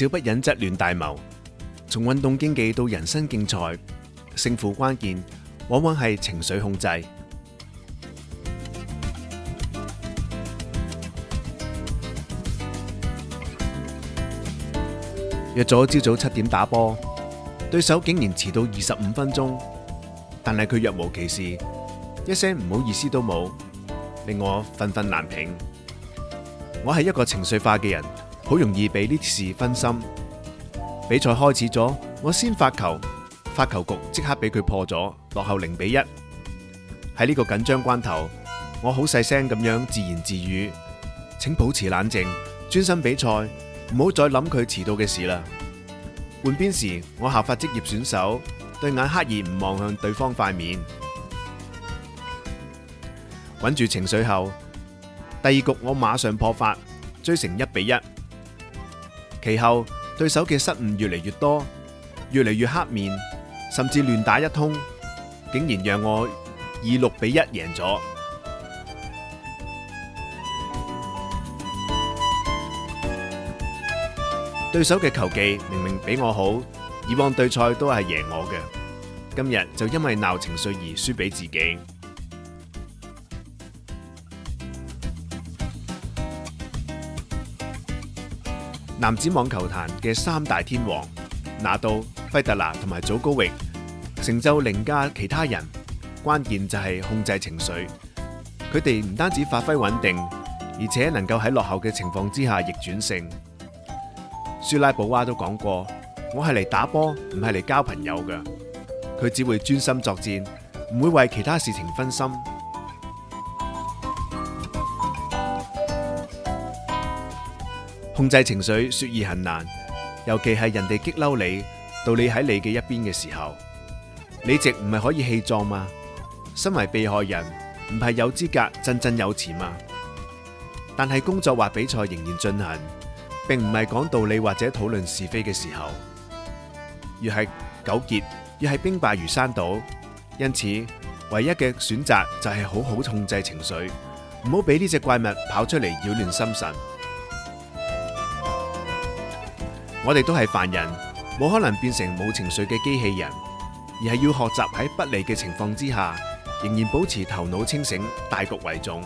小不忍則亂大謀，從運動競技到人生競賽，勝負關鍵往往係情緒控制。 約咗朝早七點打波，對手竟然遲到二十五分鐘，但係佢若無其事，一聲唔好意思都冇，令我憤憤難平。我係一個情緒化嘅人。好容易被呢啲事分心。比賽開始咗，我先發球，發球局即刻俾佢破咗，落後零比一。喺呢個緊張關頭，我好細聲咁樣自言自語：請保持冷靜，專心比賽，唔好再諗佢遲到嘅事啦。換邊時，我效法職業選手，對眼刻意唔望向對方塊面，穩住情緒後，第二局我馬上破發，追成一比一。其後對手嘅失誤越嚟越多，越嚟越黑面，甚至亂打一通，竟然讓我以六比一贏咗。對手嘅球技明明比我好，以往對賽都係贏我嘅，今日就因為鬧情緒而輸俾自己。男子網球壇嘅三大天王，拿度、費特拿同埋祖高域成就凌駕其他人，關鍵就係控制情緒。佢哋唔單止發揮穩定，而且能夠喺落後嘅情況之下逆轉勝。舒拉寶娃都講過：「我係嚟打波，唔係嚟交朋友㗎。佢只會專心作戰，唔會為其他事情分心。控制情緒說易行難，尤其係人哋激嬲你，道理喺你嘅一邊嘅時候，理直唔係可以氣壯嘛？身為被害人，唔係有資格振振有詞嘛？但係工作或比賽仍然進行，並唔係講道理或者討論是非嘅時候，越係糾結，越係兵敗如山倒。因此，唯一嘅選擇就係好好控制情緒，唔好俾呢隻怪物跑出嚟擾亂心神。我哋都係凡人，冇可能變成冇情緒嘅機器人，而係要學習喺不利嘅情況之下，仍然保持頭腦清醒，大局為重。